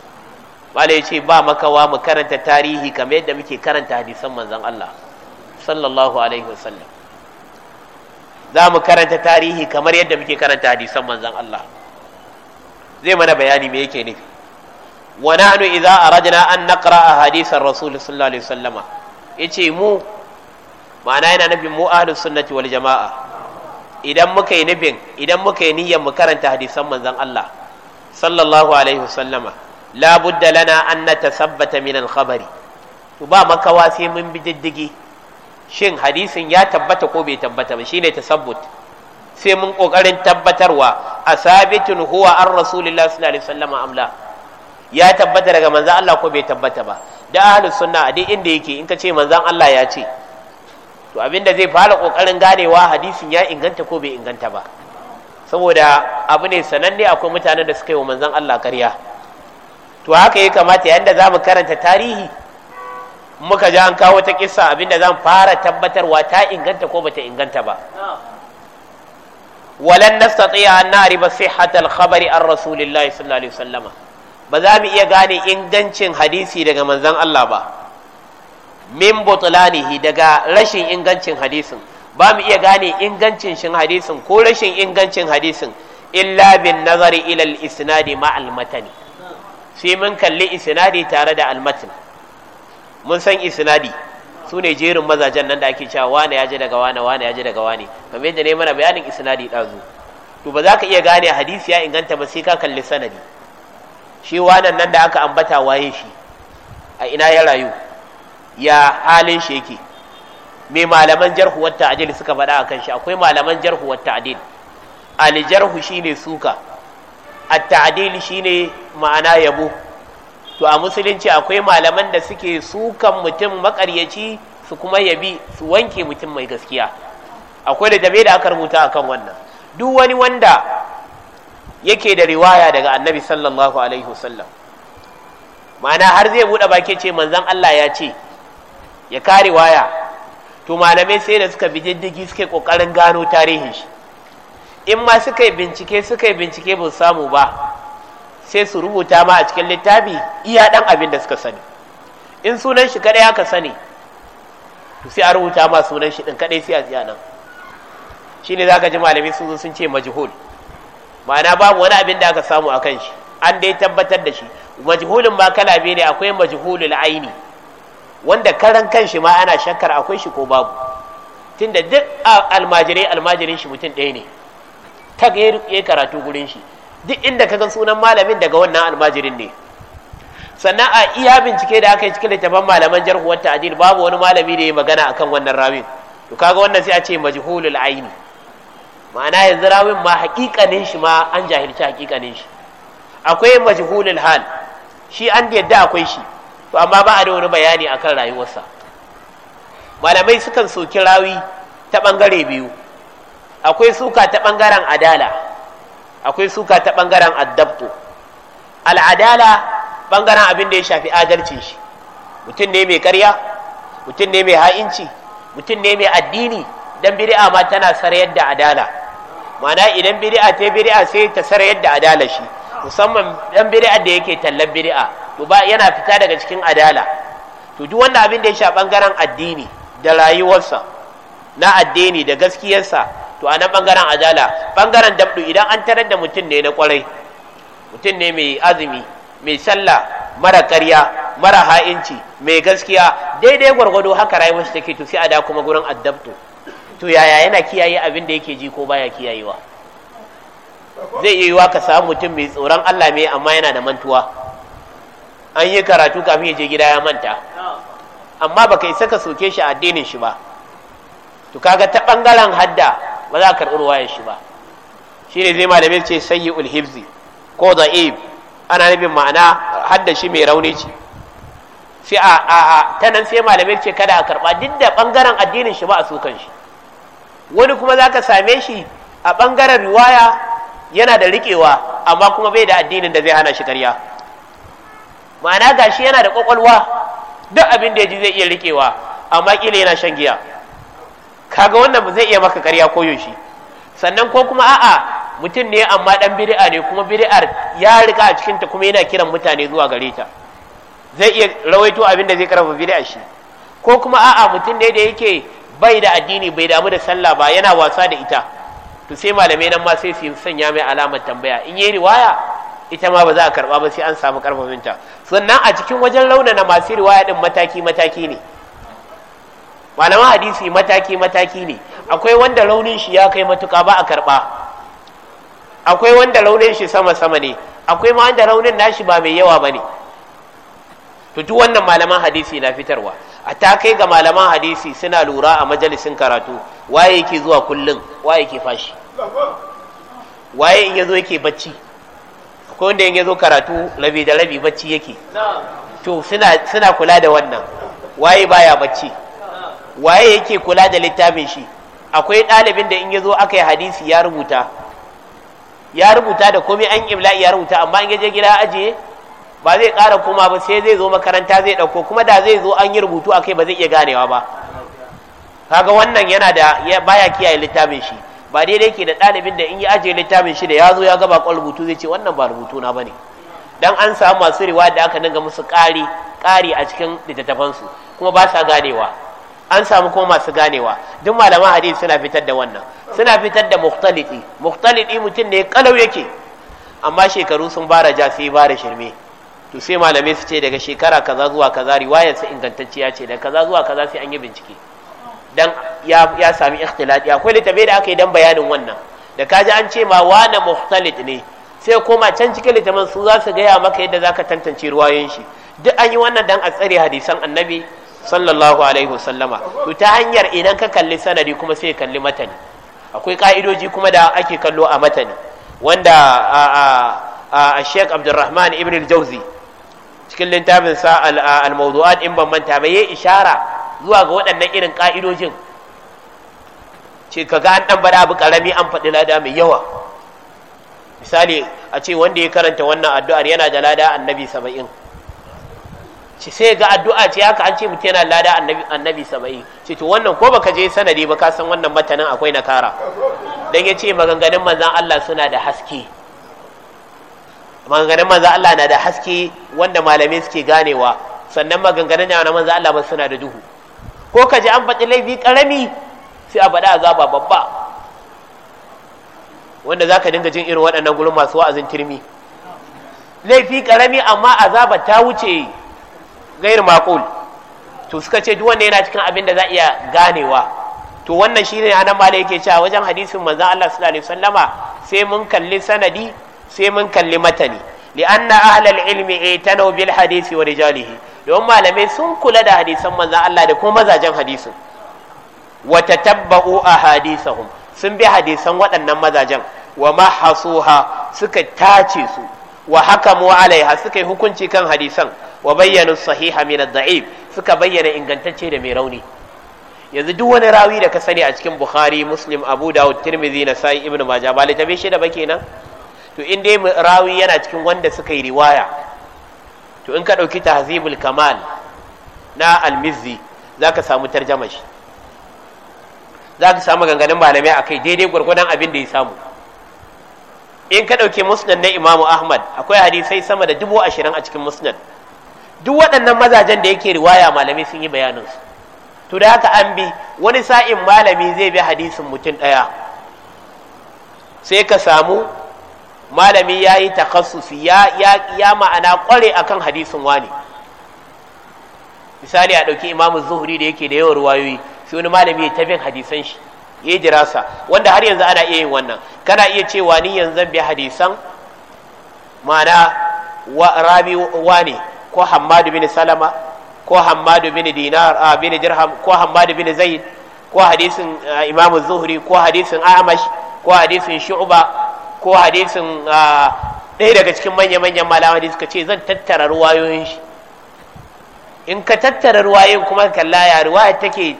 mala ya ce ba makawa mu karanta tarihi kamar yadda muke karanta hadisan manzan Allah sallallahu alaihi wasallam za mu karanta tarihi kamar yadda muke karanta hadisan manzan Allah zai mana bayani me yake nufi wa nahnu idza aradna an naqra hadisan rasul sallallahu alaihi wasallama yace mu ma'ana yana nufin mu ahlus sunnati wal jama'a idan muka yi nufin idan muka yi niyyar mu karanta hadisan manzan Allah sallallahu alaihi wasallama la budda lana an tasabbata min alkhabari to ba makawa sai mun bi diddigi shin hadisin ya tabbata ko bai tabbata ba shine tasabbut sai mun kokarin tabbatarwa asabitun huwa an rasulillah sallallahu alaihi wasallam amla ya tabbata daga manzan Allah ko bai tabbata ba da ahlus sunna a duk inda yake in ka ce manzan Allah ya ce to abinda zai fara kokarin ganewa hadisin ya inganta ko bai inganta ba saboda abu ne sananne akwai mutanen da suka yi wa manzan Allah ƙarya to haka ya kamata yadda za mu karanta tarihi muka ji an kawo ta kisa, abinda mu fara tabbatarwa ta inganta ko bata inganta ba walan nastati'a an na'rifa sihhatal khabari an rasulillahi sallallahu alaihi wasallam ba za mu iya gane ingancin hadisi daga manzon Allah ba min butlanihi daga rashin ingancin hadisin ba mu iya gane ingancin shin hadisin ko rashin ingancin hadisin illa bin nazari ila al-isnadi ma al-matani sai mun kalli isnadi tare da almatin mun san isnadi su ne jerin mazajen nan da ake cewa wane ya ji daga wane wane ya ji daga wane kamar yadda ne mana bayanin isnadi ɗazu to ba za ka iya gane hadisi ya inganta ba sai ka kalli sanadi shi wanan nan da aka ambata waye shi a ina ya rayu ya halin shi yake me malaman jarhu wata ta'dil suka faɗa a kan shi akwai malaman jarhu wata ta'dil al jarhu shine suka at-ta'dil shine ma'ana yabo to a musulunci akwai malaman da suke sukan mutum makaryaci su kuma yabi su wanke mutum mai gaskiya akwai littafai da aka rubuta akan wannan duk wani wanda yake da riwaya daga annabi sallallahu alaihi wasallam ma'ana har zai buɗe baki ce manzon Allah ya ce ya kare waya to malamai sai da suka bi diddigi suke ƙoƙarin gano tarihin shi in ma suka yi bincike suka yi bincike ba samu ba sai su rubuta ma a cikin littafi iya ɗan abin da suka sani in sunan shi kaɗai aka sani to sai a rubuta ma sunan shi ɗin kaɗai sai a tsaya nan shi ne za ka ji malami sun zo sun ce majhul ma'ana babu wani abin da aka samu a kan shi an dai tabbatar da shi majhulin ma kala biyu ne akwai majhulul aini wanda karan kan shi ma ana shakkar akwai shi ko babu tunda duk almajirai almajirin shi mutum ɗaya ne ga ya yi karatu gurin shi duk inda ka gan sunan malamin daga wannan almajirin ne sannan a iya bincike da aka yi cikin littafin malaman wata ta'adil babu wani malami da ya magana akan wannan rawin to kaga wannan sai a ce majhulul aini ma'ana yanzu rawin ma hakikanin shi ma an jahilci hakikanin shi akwai majhulul hal shi an yadda akwai shi to amma ba a da wani bayani akan rayuwarsa malamai sukan soki rawi ta bangare biyu akwai suka ta ɓangaren adala akwai suka ta ɓangaren addabto al'adala ɓangaren abin da ya shafi adalcin shi mutum ne mai karya mutum ne mai ha'inci mutum ne mai addini don bid'a ma tana sarayar da adala ma'ana idan biri'a ta bid'a sai ta sarayar da adala shi musamman dan biri'a da yake tallan biri'a, to ba yana fita daga cikin adala to duk wanda abin da ya shafi ɓangaren addini da rayuwarsa na addini da gaskiyarsa to a nan bangaren ajala bangaren dabdu idan an tarar da mutum ne na kwarai mutum ne mai azumi mai sallah mara karya mara ha'inci mai gaskiya daidai gwargwado haka rayuwar shi take to sai a da kuma gurin addabtu to yaya yana kiyaye abin da yake ji ko baya kiyayewa zai iya yiwa ka samu mutum mai tsoron Allah mai amma yana da mantuwa an yi karatu kafin ya je gida ya manta amma baka isa ka soke shi addinin shi ba to kaga ta bangaren hadda ba za a karɓi ruwayar shi ba shi ne zai malamai ce sayi ulhibzi ko za'ib. ana nufin ma'ana hadda shi mai rauni ce sai a a a ta nan sai malamai ce kada a karɓa duk da ɓangaren addinin shi ba a sukan shi wani kuma za ka same shi a ɓangaren ruwaya yana da riƙewa amma kuma bai da addinin da zai hana shi karya ma'ana ga shi yana da ƙwaƙwalwa duk abin da ya ji zai iya riƙewa amma ƙila yana shan giya kaga wannan ba zai iya maka ƙarya ko yaushe sannan ko kuma a'a mutum ne amma dan bid'a ne kuma bid'ar ya rika a cikinta kuma yana kiran mutane zuwa gare ta zai iya rawaito abin da zai karfafa bid'a shi ko kuma a'a mutum ne da yake bai da addini bai damu da sallah ba yana wasa da ita to sai malamai nan ma sai su sanya mai alamar tambaya in yi riwaya ita ma ba za a karba ba sai an samu karfafinta sannan a cikin wajen launana masu riwaya din mataki mataki ne malaman hadisi mataki mataki ne akwai wanda launin shi ya kai matuka ba a karba akwai wanda launin shi sama sama ne akwai ma wanda launin nashi ba mai yawa bane to duk wannan malaman hadisi na fitarwa a ta kai ga malaman hadisi suna lura a majalisin karatu waye yake zuwa kullum waye yake fashi waye in yazo yake bacci ko wanda in yazo karatu rabi da rabi bacci yake to suna suna kula da wannan waye baya bacci waye yake kula da littafin shi akwai ɗalibin da in ya zo aka yi hadisi ya rubuta ya rubuta da komai an ibla'i ya rubuta amma in ya je gida ajiye ba zai ƙara koma ba sai zai zo makaranta zai ɗauko kuma da zai zo an yi rubutu a kai ba zai iya ganewa ba kaga wannan yana da baya kiyaye littafin shi ba daidai ke da ɗalibin da in ya ajiye littafin shi da ya zo ya gaba kwan rubutu zai ce wannan ba rubutu na bane dan an samu masu riwa da aka dinga musu ƙari ƙari a cikin littattafansu kuma ba sa ganewa an samu kuma masu ganewa duk malaman hadisi suna fitar da wannan suna fitar da mukhtaliti mukhtaliti mutum ne kalau yake amma shekaru sun bara ja sai bara shirme to sai malamai su ce daga shekara kaza zuwa kaza riwayar sa ingantacciya ce da kaza zuwa kaza sai an yi bincike dan ya ya sami ya akwai litabe da aka yi dan bayanin wannan da kaji an ce ma wane mukhtalit ne sai koma can cikin litaman su za su gaya maka yadda zaka tantance ruwayoyin shi duk an yi wannan dan a tsare hadisan annabi sallallahu alaihi wasallama to ta hanyar idan ka kalli sanadi kuma sai kalli matani akwai ka'idoji kuma da ake kallo a matani wanda a sheik abdurrahman ibn al-jauzi cikin littafin sa al-mawdu'at in ban manta ba yayi ishara zuwa ga waɗannan irin ka'idojin ce kaga an dan bada abu karami an faɗi lada mai yawa misali a ce wanda ya karanta wannan addu'ar yana da lada annabi saba'in ci sai ga addu'a ce haka an ce mu yana lada annabi annabi saba'i ce to wannan ko baka je sanadi ba ka san wannan matanin akwai nakara dan yace maganganun manzon Allah suna da haske maganganun manzon Allah na da haske wanda malamai suke ganewa sannan maganganun ne na manzon Allah ba suna da duhu ko ka ji an faɗi laifi karami sai a faɗi azaba babba wanda zaka dinga jin irin waɗannan gurin masu wa'azin tirmi laifi karami amma azaba ta wuce gairu makul to suka ce duk wanda yana cikin abin da za iya ganewa to wannan shine anan malai yake cewa wajen hadisin manzon Allah sallallahu alaihi wasallama sai mun kalli sanadi sai mun kalli matani li'anna ahlal ilmi itanu bil hadisi wa rijalihi don malamai sun kula da hadisan manzon Allah da kuma mazajen hadisin wa tatabba'u ahadithahum sun bi hadisan waɗannan mazajen wa mahasuha suka tace su wa hakamu alaiha suka yi hukunci kan hadisan wa bayyana sahiha min daif suka bayyana ingantacce da mai rauni yanzu duk wani rawi da ka sani a cikin bukhari muslim abu dawud tirmidhi nasai ibnu majah ba litabe shi da ba kenan to in dai rawi yana cikin wanda suka yi riwaya to in ka dauki tahzibul kamal na al-mizzi zaka samu tarjama shi zaka samu ganganin malamai akai daidai gwargwadon abin da ya samu in ka ɗauke musnad na imamu ahmad akwai hadisai sama da dubu ashirin a cikin musnad duk waɗannan mazajen da yake riwaya malami sun yi bayaninsu to da haka an bi wani sa'in malami zai bi hadisin mutum ɗaya sai ka samu malami ya yi takassusi ya ma'ana kware akan hadisin wani misali a ɗauki imamu zuhuri da yake da yawan ruwayoyi sai wani malami ya tafi hadisan shi ya jira sa wanda har yanzu ana iya yin wannan kana iya cewa ni yanzu bi hadisan ma'ana rabi wane ko hammadu bin salama ko hammadu bin dinar ah, bin dirham ko hammadu bin zaid ko hadisin ah, imamu zuhri ko hadisin amash ko hadisin shu'ba ko hadisin ah, ɗaya daga cikin manya-manyan malama da suka ce zan tattara ruwayoyin shi in ka tattara ruwayoyin kuma kalla ya ruwaya take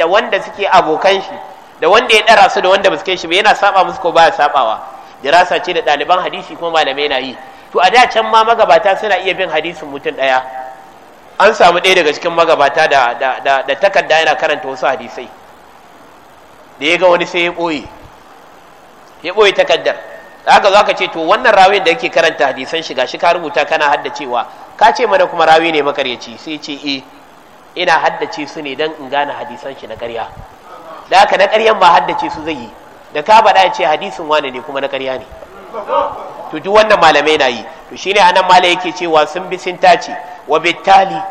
da wanda suke abokan shi da wanda ya dara su da wanda ba su kai shi ba yana saba musu ko baya sabawa dirasa ce da ɗaliban hadisi kuma malamai na yi to a da can ma magabata suna iya bin hadisin mutum ɗaya an samu ɗaya daga cikin magabata da da da takarda yana karanta wasu hadisai da ya ga wani sai ya ɓoye ya ɓoye takardar haka za ka ce to wannan rawin da yake karanta hadisan shiga shi ka rubuta kana haddacewa ka ce mana kuma rawi ne makaryaci sai ce eh ina haddace su ne don in gane hadisan shi na karya da haka na ƙaryan ma haddace su zai yi da ka baɗa ce hadisin wane ne kuma na ƙarya ne to duk wannan malamai na yi to shine anan malai yake cewa sun bi sun tace wa bittali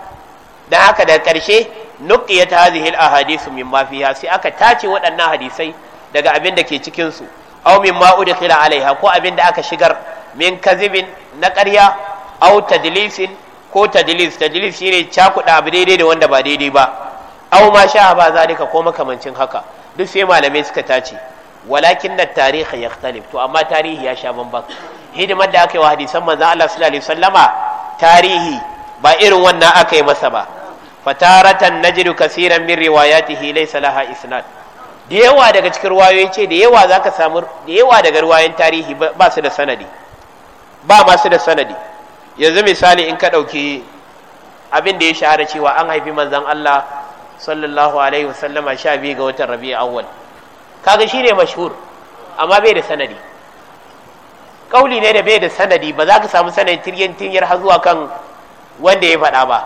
dan haka da ƙarshe nuqiyat hadhihi al ahadithu mimma fiha sai aka tace waɗannan hadisai daga abin da ke cikin su aw mimma udkhila alaiha ko abin da aka shigar min kazibin na ƙarya aw tadlisin ko tadlis tadlis shine cakuɗa abu daidai da wanda ba daidai ba aw ma sha ba zalika ko makamancin haka duk sai malamai suka tace walakin da tarihi ya khtalif to amma tarihi ya sha bambam. hidimar da aka yi wa hadisan manzon Allah sallallahu alaihi wasallama tarihi ba irin wannan aka yi masa ba fataratan najidu kaseeran min riwayatihi laysa laha isnad da yawa daga cikin ruwayoyi ce da yawa zaka samu da yawa daga riwayoyin tarihi ba su da sanadi ba ma su da sanadi yanzu misali in ka dauki abin da ya shahara cewa an haifi manzon Allah sallallahu alaihi wasallama sha biyu ga watan rabi'a awwal kaga ne mashhur amma bai da sanadi kauli ne da bai da sanadi ba za ka samu sanadin tiryan tiryar har zuwa kan wanda ya faɗa ba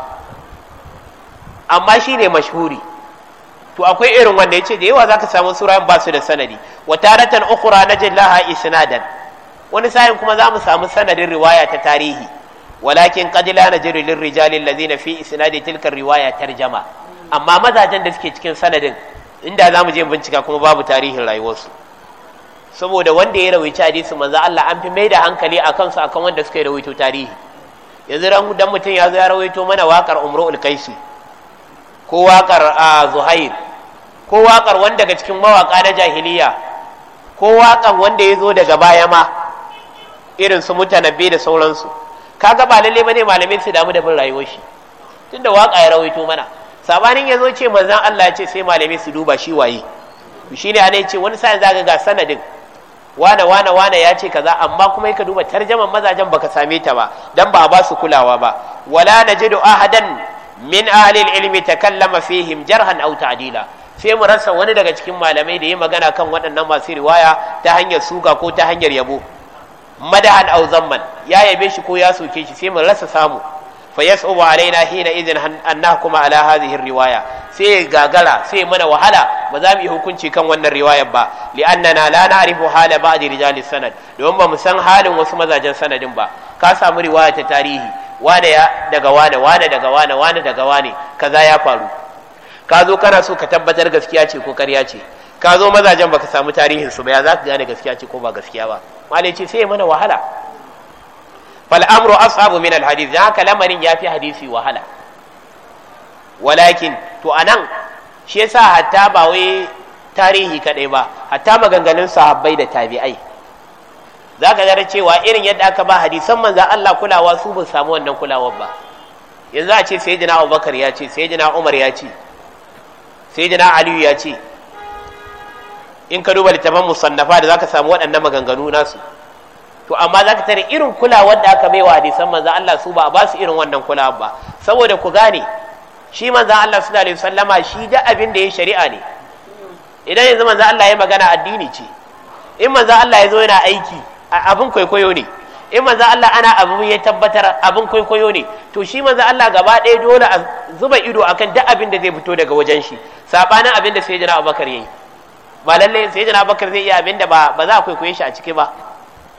amma ne mashhuri to akwai irin wanda ya ce da yawa za ka samu sura ba su da sanadi wa taratan ukhra najallaha isnadan wani sa'in kuma za mu samu sanadin riwaya ta tarihi walakin qad la najri lirrijali alladhina fi isnadi tilka riwaya tarjama amma mazajen da suke cikin sanadin inda za mu je bincika kuma babu tarihin rayuwarsu saboda wanda ya rawaici hadisi manzo Allah an fi mai da hankali a kansu akan wanda suka rawaito tarihi yanzu ran dan mutum ya zo ya rawaito mana waƙar Umrul Kaisi ko waƙar Zuhair ko waƙar wanda daga cikin mawaka na jahiliya ko waƙar wanda ya zo daga baya ma irin su mutanabbi da sauransu kaga ba lalle bane malamai su damu da bin rayuwar shi tunda waƙa ya rawaito mana sabanin ya zo ce manzan Allah ya ce sai malamai su duba shi waye shi ne ana ce wani sa'in zaga ga sanadin wane wane wane ya ce kaza amma kuma ka duba tarjaman mazajen baka same ta ba dan ba ba su kulawa ba wala najidu ahadan min ahli ilmi takallama fihim jarhan aw ta'dila sai mu rasa wani daga cikin malamai da yi magana kan waɗannan masu riwaya ta hanyar suka ko ta hanyar yabo madahan aw zamman ya yabe shi ko ya soke shi sai mu rasa samu fa yas'ubu alaina hina idin an kuma ala hadhihi riwaya sai gagara sai mana wahala ba za mu yi hukunci kan wannan riwayar ba li'annana la na'rifu hala ba'd rijali sanad don ba mu san halin wasu mazajen sanadin ba ka samu riwaya ta tarihi wane ya daga wane wane daga wane wane daga wane kaza ya faru ka zo kana so ka tabbatar gaskiya ce ko ƙarya ce ka zo mazajen baka samu tarihin su ba ya za ka gane gaskiya ce ko ba gaskiya ba malai sai mana wahala fal amru ashabu min al hadith dan haka lamarin yafi hadisi wahala walakin to nan shi yasa hatta ba wai tarihi kadai ba hatta maganganun sahabbai da tabi'ai za ka gara cewa irin yadda aka ba hadisan manzan Allah kulawa su ba samu wannan kulawar ba yanzu a ce sayyidina Abubakar ya ce sayyidina Umar ya ce sayyidina Aliyu ya ce in ka duba littafin musannafa da zaka samu waɗannan maganganu nasu to amma za ka tare irin kulawar da aka baiwa hadisan manzan Allah su ba ba su irin wannan kula ba saboda ku gane shi manzan Allah su alaihi sallama shi da abin da ya shari'a ne idan yanzu manzan Allah ya magana addini ce in manzan Allah ya zo yana aiki abin kwaikwayo ne in manzan Allah ana abu ya tabbatar abin kwaikwayo ne to shi manzan Allah gaba ɗaya dole a zuba ido akan duk abin da zai fito daga wajen shi sabanin abin da sayyidina Abubakar yayi ba lalle jana Abubakar zai iya abin da ba ba za a kwaikwaye shi a ciki ba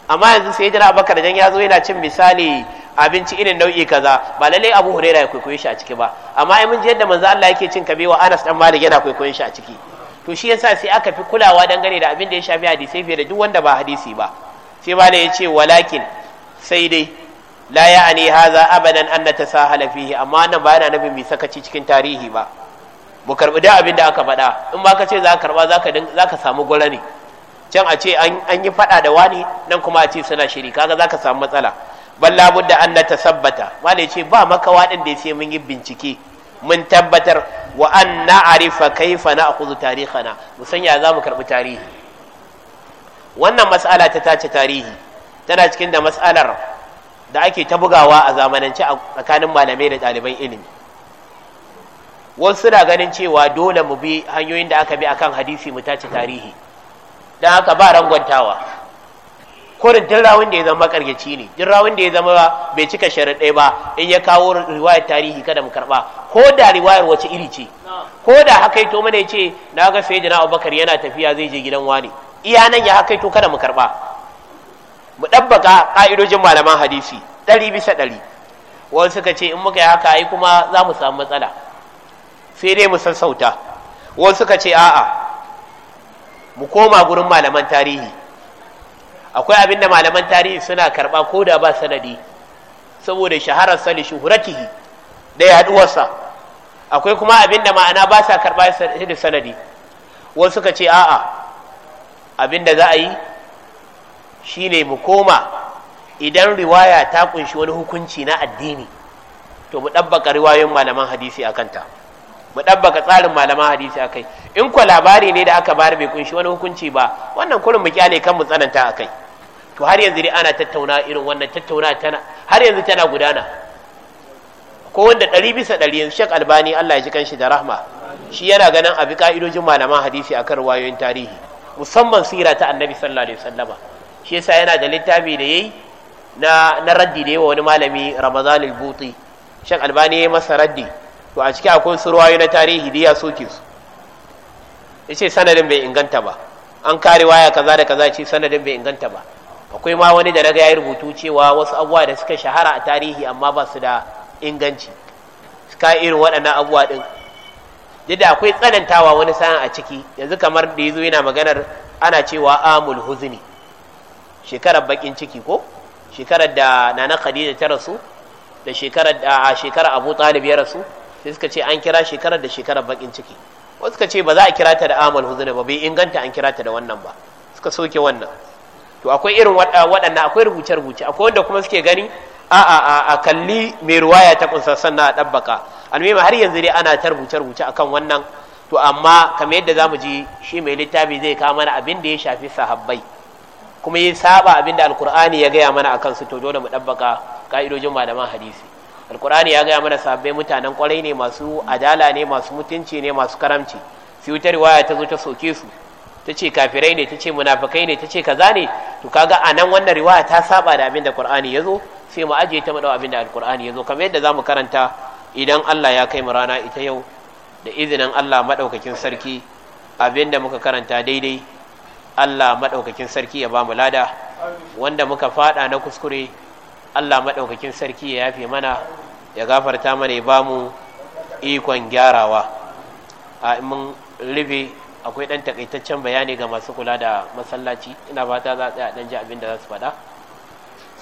amma yanzu sai jira abakar dan ya zo yana cin misali abinci irin nau'i kaza ba lallai abu huraira ya kwaikwaye shi a ciki ba amma ai mun ji yadda manzo Allah yake cin kabewa Anas dan Malik yana kwaikwayen shi a ciki to shi yasa sai aka fi kulawa dangane da abin da ya shafi hadisi fiye da duk wanda ba hadisi ba sai ba ya ce walakin sai dai la ya'ani haza abadan an natasahala fihi amma nan ba yana nufin mai sakaci cikin tarihi ba mu karbi da abin da aka faɗa in ba ka ce za ka karba za ka samu gwala can a ce an yi faɗa da wani nan kuma a ce suna shiri kaga za ka samu matsala bal da an na sabbata. wanda ce ba makawa ɗin da sai mun yi bincike mun tabbatar wa an na arifa kai fa na akuzu tarihana mu ya za mu karɓi tarihi wannan matsala ta tace tarihi tana cikin da matsalar da ake ta bugawa a zamanance a tsakanin malamai da ɗaliban ilimi wasu na ganin cewa dole mu bi hanyoyin da aka bi akan hadisi mu tace tarihi da haka ba rangwantawa korin duk rawun da ya zama makaryaci ne duk rawun da ya zama bai cika sharaɗai ba in ya kawo riwayar tarihi kada mu karɓa ko da riwayar wace iri ce ko da haka ito mana ce na ga sayyidina abubakar yana tafiya zai je gidan wani iya nan ya haka ito kada mu karɓa mu ɗabbaka ƙa'idojin malaman hadisi ɗari bisa ɗari wani suka ce in muka yi haka ai kuma za mu samu matsala sai dai mu sassauta wani suka ce a'a mu koma gurin malaman tarihi akwai abinda malaman tarihi suna karba ko da ba sanadi saboda shaharar sali shuhuratihi da yaduwarsa akwai kuma abinda ma'ana ba sa karba da sanadi wasu suka ce a'a abinda za a yi shine mu koma idan riwaya ta kunshi wani hukunci na addini to mu ɗabbaka riwayoyin malaman hadisi a kanta mu ɗabbaka tsarin malaman hadisi akai in ko labari ne da aka bayar bai kunshi wani hukunci ba wannan kurin mu kyale kan mu tsananta akai to har yanzu dai ana tattauna irin wannan tattauna tana har yanzu tana gudana ko wanda ɗari bisa ɗari yanzu shek albani allah ya ji kanshi da rahma shi yana ganin abi ka'idojin malaman hadisi akan ruwayoyin tarihi musamman sira ta annabi sallallahu alaihi wasallama shi yasa yana da littafi da yayi na na raddi da yawa wani malami ramadan al-buti shek albani ya masa raddi to a ciki akwai su ruwayo na tarihi da ya soke su ya ce sanadin bai inganta ba an kare waya kaza da kaza ce sanadin bai inganta ba akwai ma wani da naga ya rubutu cewa wasu abubuwa da suka shahara a tarihi amma ba su da inganci suka irin waɗannan abubuwa ɗin yadda akwai tsanantawa wani sa'an a ciki yanzu kamar da ya zo yana maganar ana cewa amul huzni shekarar bakin ciki ko shekarar da nana khadija ta rasu da shekarar da a shekarar abu talib ya rasu sai suka ce an kira shekarar da shekarar bakin ciki wasu suka ce ba za a kira ta da amal huzuna ba bai inganta an kira ta da wannan ba suka soke wannan to akwai irin waɗannan akwai rubuce rubuce akwai wanda kuma suke gani a a a a kalli mai ruwaya ta kunsa sannan a ɗabbaka almema har yanzu dai ana ta rubuce rubuce akan wannan to amma kamar yadda za mu ji shi mai littafi zai kawo mana abin da ya shafi sahabbai kuma ya saba abin da alkur'ani ya gaya mana akan su to dole mu ɗabbaka ka'idojin malaman hadisi alkur'ani ya gaya mana sabbai mutanen kwarai ne masu adala ne masu mutunci ne masu karamci sai wuta riwaya ta zo ta soke su ta ce kafirai ne ta ce munafikai ne ta ce kaza ne to kaga a nan wannan riwaya ta saba da abin da qur'ani ya zo sai mu ajiye ta mu dau abin da alkur'ani ya zo kamar yadda zamu karanta idan Allah ya kai mu rana ita yau da izinin Allah madaukakin sarki abin da muka karanta daidai Allah madaukakin sarki ya ba mu lada wanda muka fada na kuskure Allah maɗaukakin sarki ya yafe mana ya gafarta mana ya ba mu ikon gyarawa a mun rufe akwai ɗan takaitaccen bayani ga masu kula da masallaci ina fata za a tsaya ɗan ji abin da za su faɗa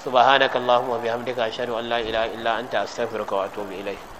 subhanakallahumma bihamdika ashhadu an la ilaha illa anta astaghfiruka wa atubu ilayk